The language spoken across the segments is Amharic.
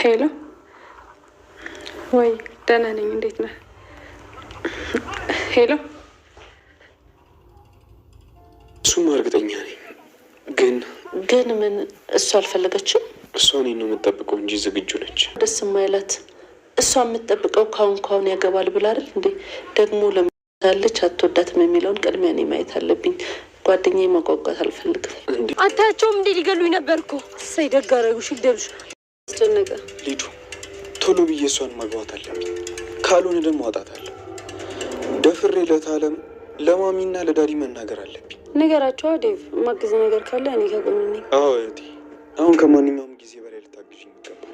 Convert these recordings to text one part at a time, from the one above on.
ሄሎ ወይ፣ ደህና ነኝ። እንዴት ነህ? ሄሎ እሱማ እርግጠኛ ነኝ። ግን ግን ምን? እሷ አልፈለገችም። እሷ እኔን ነው የምጠብቀው እንጂ ዝግጁ ነች። ደስ የማይላት እሷ የምትጠብቀው ካሁን ካሁን ያገባል ብላ አይደል እንዴ? ደግሞ ለምታለች አትወዳትም የሚለውን ቅድሚያ እኔ ማየት አለብኝ። ጓደኛ መቋቋት አልፈልግም። አታያቸውም እንዴ? ሊገሉኝ ነበር እኮ እሰይ፣ ደግ አደረጉሽ። ይግደሉሽ። አስጨነቀ ልጁ። ቶሎ ብዬ እሷን ማግባት አለብኝ፣ ካልሆነ ደግሞ አጣታለሁ። ደፍሬ ለታለም ለማሚና ለዳዲ መናገር አለብኝ። ነገራቸው ዴቭ፣ ማግዝ ነገር ካለ እኔ ከጎንኒ። አዎ እህቴ፣ አሁን ከማንኛውም ጊዜ በላይ ልታግዥ ይገባል።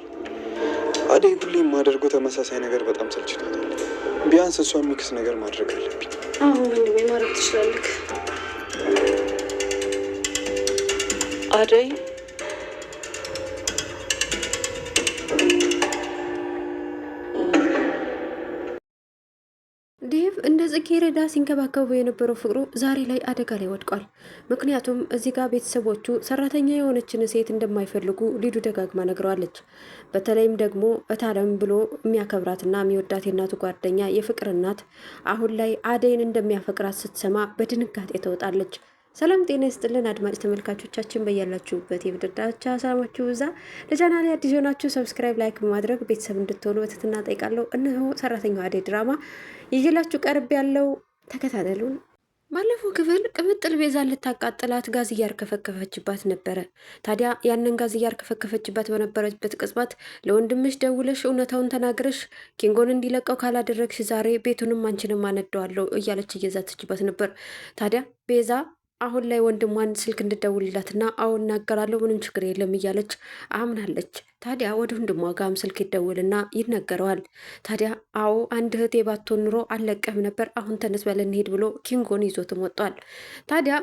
አደይ ሁሌ የማደርገው ተመሳሳይ ነገር በጣም ሰልችቷታል። ቢያንስ እሷ የሚክስ ነገር ማድረግ አለብኝ። አሁን ወንድሜ ማድረግ ትችላለህ። Arayın. ጽጌ ረዳ ሲንከባከቡ የነበረው ፍቅሩ ዛሬ ላይ አደጋ ላይ ወድቋል። ምክንያቱም እዚህ ጋር ቤተሰቦቹ ሰራተኛ የሆነችን ሴት እንደማይፈልጉ ሊዱ ደጋግማ ነግረዋለች። በተለይም ደግሞ እታለም ብሎ የሚያከብራትና የሚወዳት የእናቱ ጓደኛ የፍቅር እናት አሁን ላይ አደይን እንደሚያፈቅራት ስትሰማ በድንጋጤ ተወጣለች። ሰላም ጤና ይስጥልን አድማጭ ተመልካቾቻችን በያላችሁበት የምድር ዳርቻ ሰላማችሁ ብዛ። ለቻናሌ አዲስ የሆናችሁ ሰብስክራይብ፣ ላይክ በማድረግ ቤተሰብ እንድትሆኑ በትህትና ጠይቃለሁ። እነሆ ሰራተኛዋ አደይ ድራማ ይዤላችሁ ቀርብ ያለው ተከታተሉን። ባለፈው ክፍል ቅምጥል ቤዛን ልታቃጥላት ጋዝ እያርከፈከፈችባት ነበረ። ታዲያ ያንን ጋዝ እያርከፈከፈችባት በነበረችበት ቅጽበት ለወንድምሽ ደውለሽ እውነታውን ተናግረሽ ኪንጎን እንዲለቀው ካላደረግሽ ዛሬ ቤቱንም አንቺንም አነደዋለሁ እያለች እየዛተችበት ነበር። ታዲያ ቤዛ አሁን ላይ ወንድሟን ስልክ እንድደውልላትና አሁን እናገራለሁ ምንም ችግር የለም እያለች አምናለች። ታዲያ ወደ ወንድሟ ጋም ስልክ ይደውልና ይነገረዋል። ታዲያ አዎ አንድ እህቴ ባትሆን ኑሮ አልለቀም ነበር፣ አሁን ተነስ በለን እንሂድ ብሎ ኪንጎን ይዞትም ወጥቷል። ታዲያ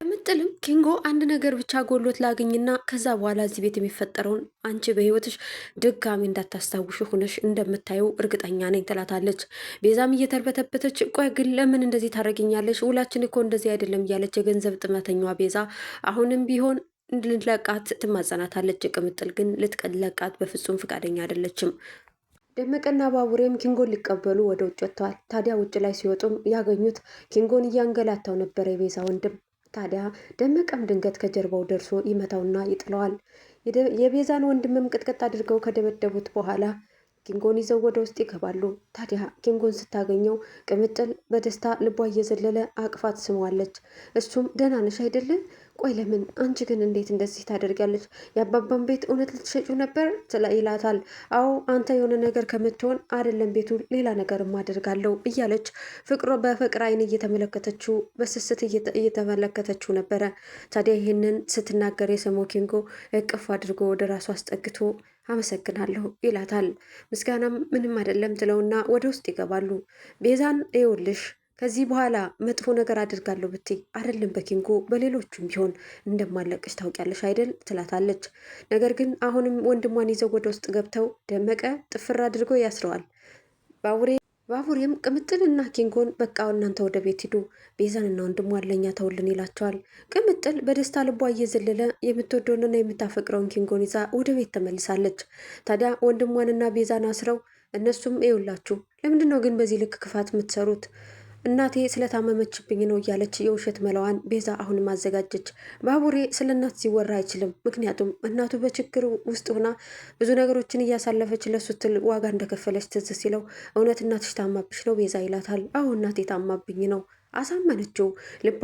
በምጥልም ኪንጎ አንድ ነገር ብቻ ጎሎት ላግኝና ከዛ በኋላ እዚህ ቤት የሚፈጠረውን አንቺ በህይወትሽ ድጋሚ እንዳታስታውሽ ሆነሽ እንደምታየው እርግጠኛ ነኝ ትላታለች። ቤዛም እየተርበተበተች ቆይ ግን ለምን እንደዚህ ታደርግኛለች? ውላችን እኮ እንደዚህ አይደለም እያለች የገንዘብ ጥመተኛዋ ቤዛ አሁንም ቢሆን ልለቃት ትማጸናታለች። ቅምጥል ግን ልትለቃት በፍጹም ፈቃደኛ አይደለችም። ደመቀና ባቡሬም ኪንጎን ሊቀበሉ ወደ ውጭ ወጥተዋል። ታዲያ ውጭ ላይ ሲወጡም ያገኙት ኪንጎን እያንገላታው ነበረ የቤዛ ወንድም። ታዲያ ደመቀም ድንገት ከጀርባው ደርሶ ይመታውና ይጥለዋል። የቤዛን ወንድምም ቅጥቅጥ አድርገው ከደበደቡት በኋላ ኪንጎን ይዘው ወደ ውስጥ ይገባሉ። ታዲያ ኪንጎን ስታገኘው ቅምጥል በደስታ ልቧ እየዘለለ አቅፋት ስመዋለች። እሱም ደህና ነሽ ቆይ ለምን አንቺ ግን እንዴት እንደዚህ ታደርጋለች? የአባባን ቤት እውነት ልትሸጩ ነበር ይላታል። አዎ አንተ የሆነ ነገር ከምትሆን አይደለም ቤቱ ሌላ ነገርም አደርጋለሁ እያለች ፍቅሮ በፍቅር አይን እየተመለከተችው በስስት እየተመለከተችው ነበረ። ታዲያ ይህንን ስትናገር የሰሞ ኪንጎ እቅፍ አድርጎ ወደ ራሱ አስጠግቶ አመሰግናለሁ ይላታል። ምስጋናም ምንም አይደለም ትለውና ወደ ውስጥ ይገባሉ። ቤዛን ይውልሽ ከዚህ በኋላ መጥፎ ነገር አድርጋለሁ ብቴ አይደለም በኪንጎ በሌሎቹም ቢሆን እንደማለቅሽ ታውቂያለሽ አይደል ትላታለች። ነገር ግን አሁንም ወንድሟን ይዘው ወደ ውስጥ ገብተው ደመቀ ጥፍር አድርጎ ያስረዋል። ባቡሬ ባቡሬም ቅምጥልና ኪንጎን በቃ እናንተ ወደ ቤት ሂዱ፣ ቤዛንና ወንድሟን ለእኛ ተውልን ይላቸዋል። ቅምጥል በደስታ ልቧ እየዘለለ የምትወደውንና የምታፈቅረውን ኪንጎን ይዛ ወደ ቤት ተመልሳለች። ታዲያ ወንድሟንና ቤዛን አስረው እነሱም ይውላችሁ፣ ለምንድን ነው ግን በዚህ ልክ ክፋት የምትሰሩት? እናቴ ስለታመመችብኝ ነው እያለች የውሸት መለዋን ቤዛ አሁንም አዘጋጀች። ባቡሬ ስለ እናት ሲወራ አይችልም። ምክንያቱም እናቱ በችግር ውስጥ ሆና ብዙ ነገሮችን እያሳለፈች ለሱትል ዋጋ እንደከፈለች ትዝ ሲለው እውነት እናትሽ ታማብሽ ነው ቤዛ ይላታል። አሁ እናቴ ታማብኝ ነው አሳመነችው።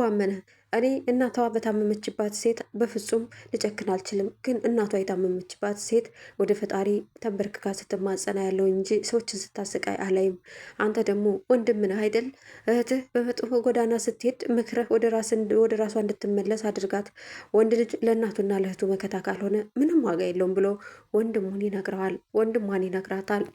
አመነ እኔ እናቷ በታመመችባት ሴት በፍጹም ልጨክን አልችልም። ግን እናቷ የታመመችባት ሴት ወደ ፈጣሪ ተንበርክካ ስትማጸና ያለው እንጂ ሰዎችን ስታሰቃይ አላይም። አንተ ደግሞ ወንድም ነህ አይደል? እህትህ በመጥፎ ጎዳና ስትሄድ ምክረህ ወደ ራሷ እንድትመለስ አድርጋት። ወንድ ልጅ ለእናቱና ለእህቱ መከታ ካልሆነ ምንም ዋጋ የለውም ብሎ ወንድሙን ይነግረዋል፣ ወንድሟን ይነግራታል።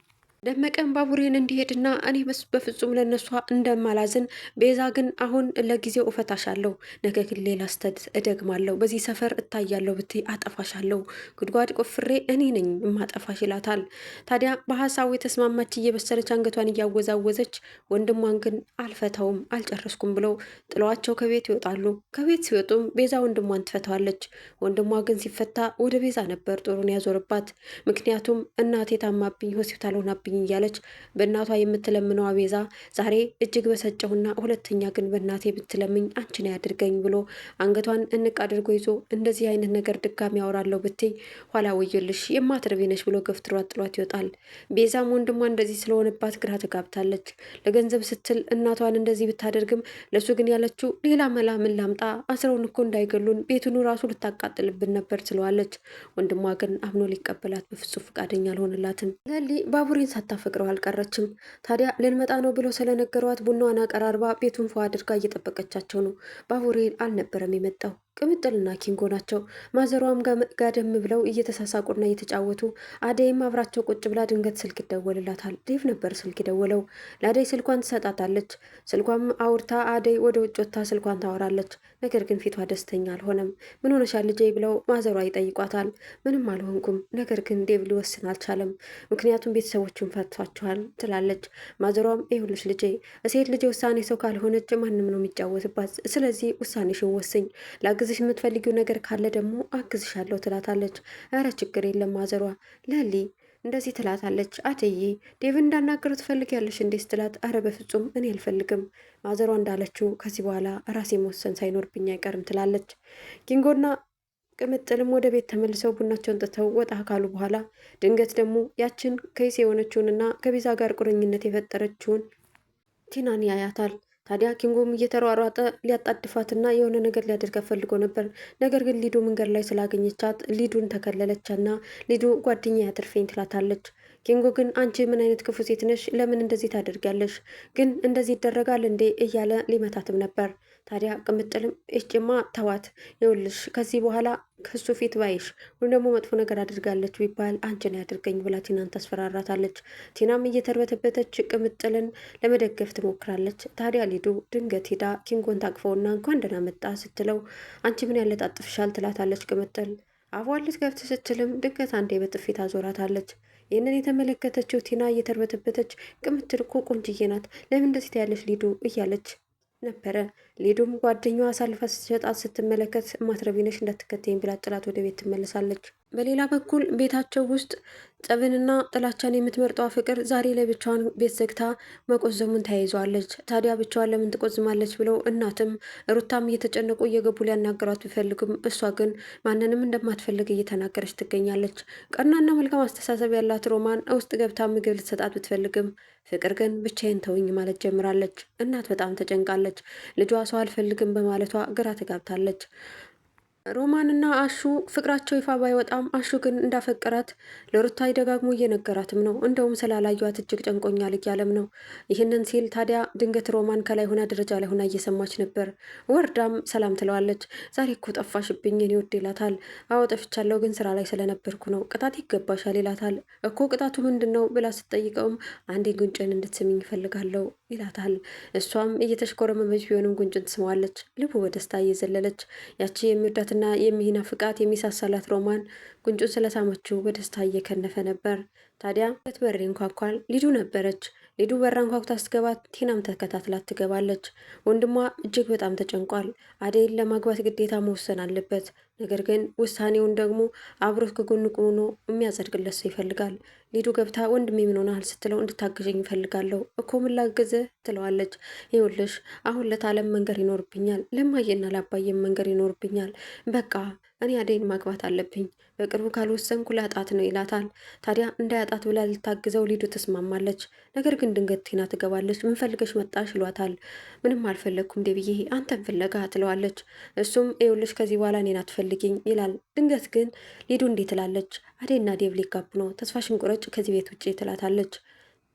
ደመቀን ባቡሬን እንዲሄድና እኔ በፍጹም ለነሷ እንደማላዝን ቤዛ ግን አሁን ለጊዜው እፈታሻለሁ፣ ነገ ግን ሌላ ስተት እደግማለሁ፣ በዚህ ሰፈር እታያለሁ አጠፋሽ አጠፋሻለሁ፣ ጉድጓድ ቆፍሬ እኔ ነኝ የማጠፋሽ ይላታል። ታዲያ በሀሳቡ የተስማማች እየበሰለች አንገቷን እያወዛወዘች ወንድሟን ግን አልፈታውም አልጨረስኩም ብለው ጥለዋቸው ከቤት ይወጣሉ። ከቤት ሲወጡም ቤዛ ወንድሟን ትፈታዋለች። ወንድሟ ግን ሲፈታ ወደ ቤዛ ነበር ጦሩን ያዞርባት። ምክንያቱም እናቴ ታማብኝ ሆስፒታል ሆናብኝ አሳይኝ እያለች በእናቷ የምትለምነው አቤዛ ዛሬ እጅግ በሰጨሁና ሁለተኛ ግን በእናቴ ብትለምኝ አንቺን ያድርገኝ ብሎ አንገቷን እንቅ አድርጎ ይዞ እንደዚህ አይነት ነገር ድጋሚ ያወራለሁ ብትይ ኋላ ወዮልሽ የማትረቢ ነች ብሎ ገፍትሯት ጥሏት ይወጣል። ቤዛም ወንድሟ እንደዚህ ስለሆነባት ግራ ተጋብታለች። ለገንዘብ ስትል እናቷን እንደዚህ ብታደርግም ለሱ ግን ያለችው ሌላ መላ ምን ላምጣ አስረውን እኮ እንዳይገሉን ቤቱን ራሱ ልታቃጥልብን ነበር ትለዋለች። ወንድሟ ግን አምኖ ሊቀበላት በፍጹም ፈቃደኛ አልሆነላትም። ገሊ ባቡሬን ሳታፈቅረው አልቀረችም። ታዲያ ልንመጣ ነው ብሎ ስለነገሯት ቡናዋን አቀራርባ ቤቱን ፎ አድርጋ እየጠበቀቻቸው ነው። ባቡሬን አልነበረም የመጣው። ቅምጥልና ኪንጎ ናቸው። ማዘሯም ጋደም ብለው እየተሳሳቁና እየተጫወቱ አደይም አብራቸው ቁጭ ብላ ድንገት ስልክ ይደወልላታል። ዴቭ ነበር ስልክ ይደወለው። ለአደይ ስልኳን ትሰጣታለች። ስልኳም አውርታ አደይ ወደ ውጭ ወጥታ ስልኳን ታወራለች። ነገር ግን ፊቷ ደስተኛ አልሆነም። ምን ሆነሻል ልጄ ብለው ማዘሯ ይጠይቋታል። ምንም አልሆንኩም፣ ነገር ግን ዴቭ ሊወስን አልቻለም፣ ምክንያቱም ቤተሰቦችን ፈቷቸዋል ትላለች። ማዘሯም ይሁልሽ ልጄ፣ ሴት ልጄ ውሳኔ ሰው ካልሆነች ማንም ነው የሚጫወትባት። ስለዚህ ውሳኔሽን ወስኝ ላግዝሽ የምትፈልጊው ነገር ካለ ደግሞ አግዝሻለሁ ትላታለች። እረ ችግር የለም ማዘሯ ለሊ እንደዚህ ትላታለች። አትዬ ዴቭ እንዳናገሩ ትፈልጊያለሽ እንዴ ስትላት፣ አረ በፍጹም እኔ አልፈልግም ማዘሯ እንዳለችው ከዚህ በኋላ ራሴ መወሰን ሳይኖርብኝ አይቀርም ትላለች። ጊንጎና ቅምጥልም ወደ ቤት ተመልሰው ቡናቸውን ጥተው ወጣ ካሉ በኋላ ድንገት ደግሞ ያችን ከይስ የሆነችውንና ከቤዛ ጋር ቁርኝነት የፈጠረችውን ቲናን ያያታል። ታዲያ ኪንጎም እየተሯሯጠ ሊያጣድፋትና የሆነ ነገር ሊያደርጋት ፈልጎ ነበር። ነገር ግን ሊዱ መንገድ ላይ ስላገኘቻት ሊዱን ተከለለቻና ሊዱ ጓደኛ ያትርፈኝ ትላታለች። ኪንጎ ግን አንቺ ምን አይነት ክፉ ሴት ነሽ? ለምን እንደዚህ ታደርጊያለሽ? ግን እንደዚህ ይደረጋል እንዴ? እያለ ሊመታትም ነበር። ታዲያ ቅምጥልም እጭማ ተዋት፣ ይኸውልሽ ከዚህ በኋላ ከሱ ፊት ባይሽ ወይም ደግሞ መጥፎ ነገር አድርጋለች ቢባል አንችን ያድርገኝ ብላ ቲናን ታስፈራራታለች። ቲናም እየተርበተበተች ቅምጥልን ለመደገፍ ትሞክራለች። ታዲያ ሊዱ ድንገት ሂዳ ኪንጎን ታቅፈውና እንኳን ደህና መጣ ስትለው አንቺ ምን ያለጣጥፍሻል ትላታለች ቅምጥል አፏ ልትገብት ስትልም ድንገት አንዴ በጥፊት አዞራታለች። ይህንን የተመለከተችው ቲና እየተርበተበተች ቅምትል እኮ ቆንጅዬ ናት፣ ለምን እንደዚህ ታያለች ሊዱ እያለች ነበረ። ሊዱም ጓደኛዋ አሳልፋ ስትሸጣት ስትመለከት ማትረቢነሽ እንዳትከተኝ ብላት ጥላት ወደ ቤት ትመለሳለች። በሌላ በኩል ቤታቸው ውስጥ ጸብንና ጥላቻን የምትመርጠዋ ፍቅር ዛሬ ላይ ብቻዋን ቤት ዘግታ መቆዘሙን ተያይዘዋለች። ታዲያ ብቻዋን ለምን ትቆዝማለች ብለው እናትም ሩታም እየተጨነቁ እየገቡ ሊያናገሯት ቢፈልግም እሷ ግን ማንንም እንደማትፈልግ እየተናገረች ትገኛለች። ቀናና መልካም አስተሳሰብ ያላት ሮማን ውስጥ ገብታ ምግብ ልትሰጣት ብትፈልግም ፍቅር ግን ብቻዬን ተውኝ ማለት ጀምራለች። እናት በጣም ተጨንቃለች። ልጇ ሰው አልፈልግም በማለቷ ግራ ተጋብታለች። ሮማንና አሹ ፍቅራቸው ይፋ ባይወጣም አሹ ግን እንዳፈቀራት ለሩታ ደጋግሞ እየነገራትም ነው። እንደውም ስላላዩት እጅግ ጨንቆኛል እያለም ነው። ይህንን ሲል ታዲያ ድንገት ሮማን ከላይ ሆና ደረጃ ላይ ሆና እየሰማች ነበር። ወርዳም ሰላም ትለዋለች። ዛሬ እኮ ጠፋሽብኝ እኔ ውድ ይላታል። አዎ ጠፍቻለሁ፣ ግን ስራ ላይ ስለነበርኩ ነው። ቅጣት ይገባሻል ይላታል። እኮ ቅጣቱ ምንድን ነው ብላ ስትጠይቀውም አንዴ ጉንጭን እንድትስምኝ ይፈልጋለሁ ይላታል። እሷም እየተሽኮረመመች ቢሆንም ጉንጭን ትስመዋለች። ልቡ በደስታ እየዘለለች ያቺ የሚወዳት የሚወዳትና የሚናፍቃት የሚሳሳላት ሮማን ጉንጩን ስለሳመችው በደስታ እየከነፈ ነበር። ታዲያ በት በሬን ኳኳል። ነበረች። ሊዱ በራን ኳኩታ ስትገባ ቲናም ተከታትላት ትገባለች። ወንድሟ እጅግ በጣም ተጨንቋል። አደይን ለማግባት ግዴታ መወሰን አለበት። ነገር ግን ውሳኔውን ደግሞ አብሮት ከጎኑ ሆኖ የሚያጸድቅለት ሰው ይፈልጋል። ሊዱ ገብታ ወንድሜ ምን ስትለው እንድታግዥኝ ይፈልጋለሁ እኮ ምን ላግዝህ ትለዋለች። ይኸውልሽ አሁን ለታለም መንገር ይኖርብኛል፣ ለማየና ላባየም መንገር ይኖርብኛል። በቃ እኔ አደይን ማግባት አለብኝ በቅርቡ ካልወሰንኩ ላጣት ነው ይላታል። ታዲያ እንዳያጣት ብላ ልታግዘው ሊዱ ትስማማለች። ነገር ግን ድንገት ቲና ትገባለች። ምን ፈልገሽ መጣሽ ይሏታል። ምንም አልፈለግኩም ዴብዬ አንተን ፍለጋ ትለዋለች። እሱም ይኸውልሽ ከዚህ በኋላ እኔን አትፈልጊኝ ይላል። ድንገት ግን ሊዱ እንዴ ትላለች። አዴና ዴብ ሊጋቡ ነው፣ ተስፋሽን ቁረጭ ከዚህ ቤት ውጭ ትላታለች።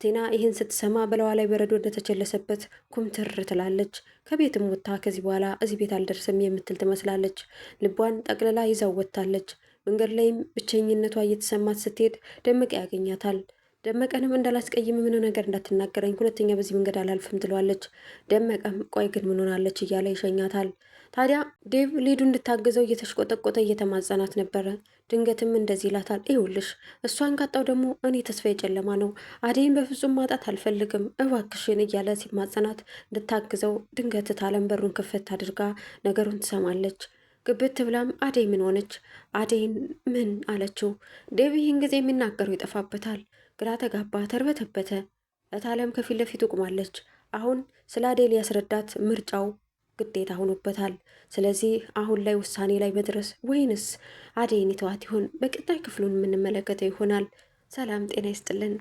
ቴና ይህን ስትሰማ በለዋ ላይ በረዶ እንደተቸለሰበት ኩምትር ትላለች። ከቤትም ወጥታ ከዚህ በኋላ እዚህ ቤት አልደርስም የምትል ትመስላለች። ልቧን ጠቅልላ ይዛው ወጥታለች። መንገድ ላይም ብቸኝነቷ እየተሰማት ስትሄድ ደመቀ ያገኛታል። ደመቀንም እንዳላስቀይም ምን ነገር እንዳትናገረኝ፣ ሁለተኛ በዚህ መንገድ አላልፍም ትለዋለች። ደመቀም ቆይ ግን ምን ሆናለች እያለ ይሸኛታል። ታዲያ ዴቭ ሊዱ እንድታግዘው እየተሽቆጠቆጠ እየተማጸናት ነበረ። ድንገትም እንደዚህ ይላታል፣ ይኸውልሽ እሷን ካጣው ደግሞ እኔ ተስፋ የጨለማ ነው፣ አደይን በፍጹም ማጣት አልፈልግም፣ እባክሽን እያለ ሲማጸናት እንድታግዘው ድንገት ታለም በሩን ክፍት አድርጋ ነገሩን ትሰማለች። ግብት ብላም አደይ ምን ሆነች? አደይን ምን አለችው? ዴቪ ይህን ጊዜ የሚናገረው ይጠፋበታል። ግራ ተጋባ፣ ተርበተበተ። እታለም ከፊት ለፊቱ ቁማለች። አሁን ስለ አደይ ሊያስረዳት ምርጫው ግዴታ ሆኖበታል። ስለዚህ አሁን ላይ ውሳኔ ላይ መድረስ ወይንስ አደይን ይተዋት ይሆን? በቀጣይ ክፍሉን የምንመለከተው ይሆናል። ሰላም ጤና ይስጥልን።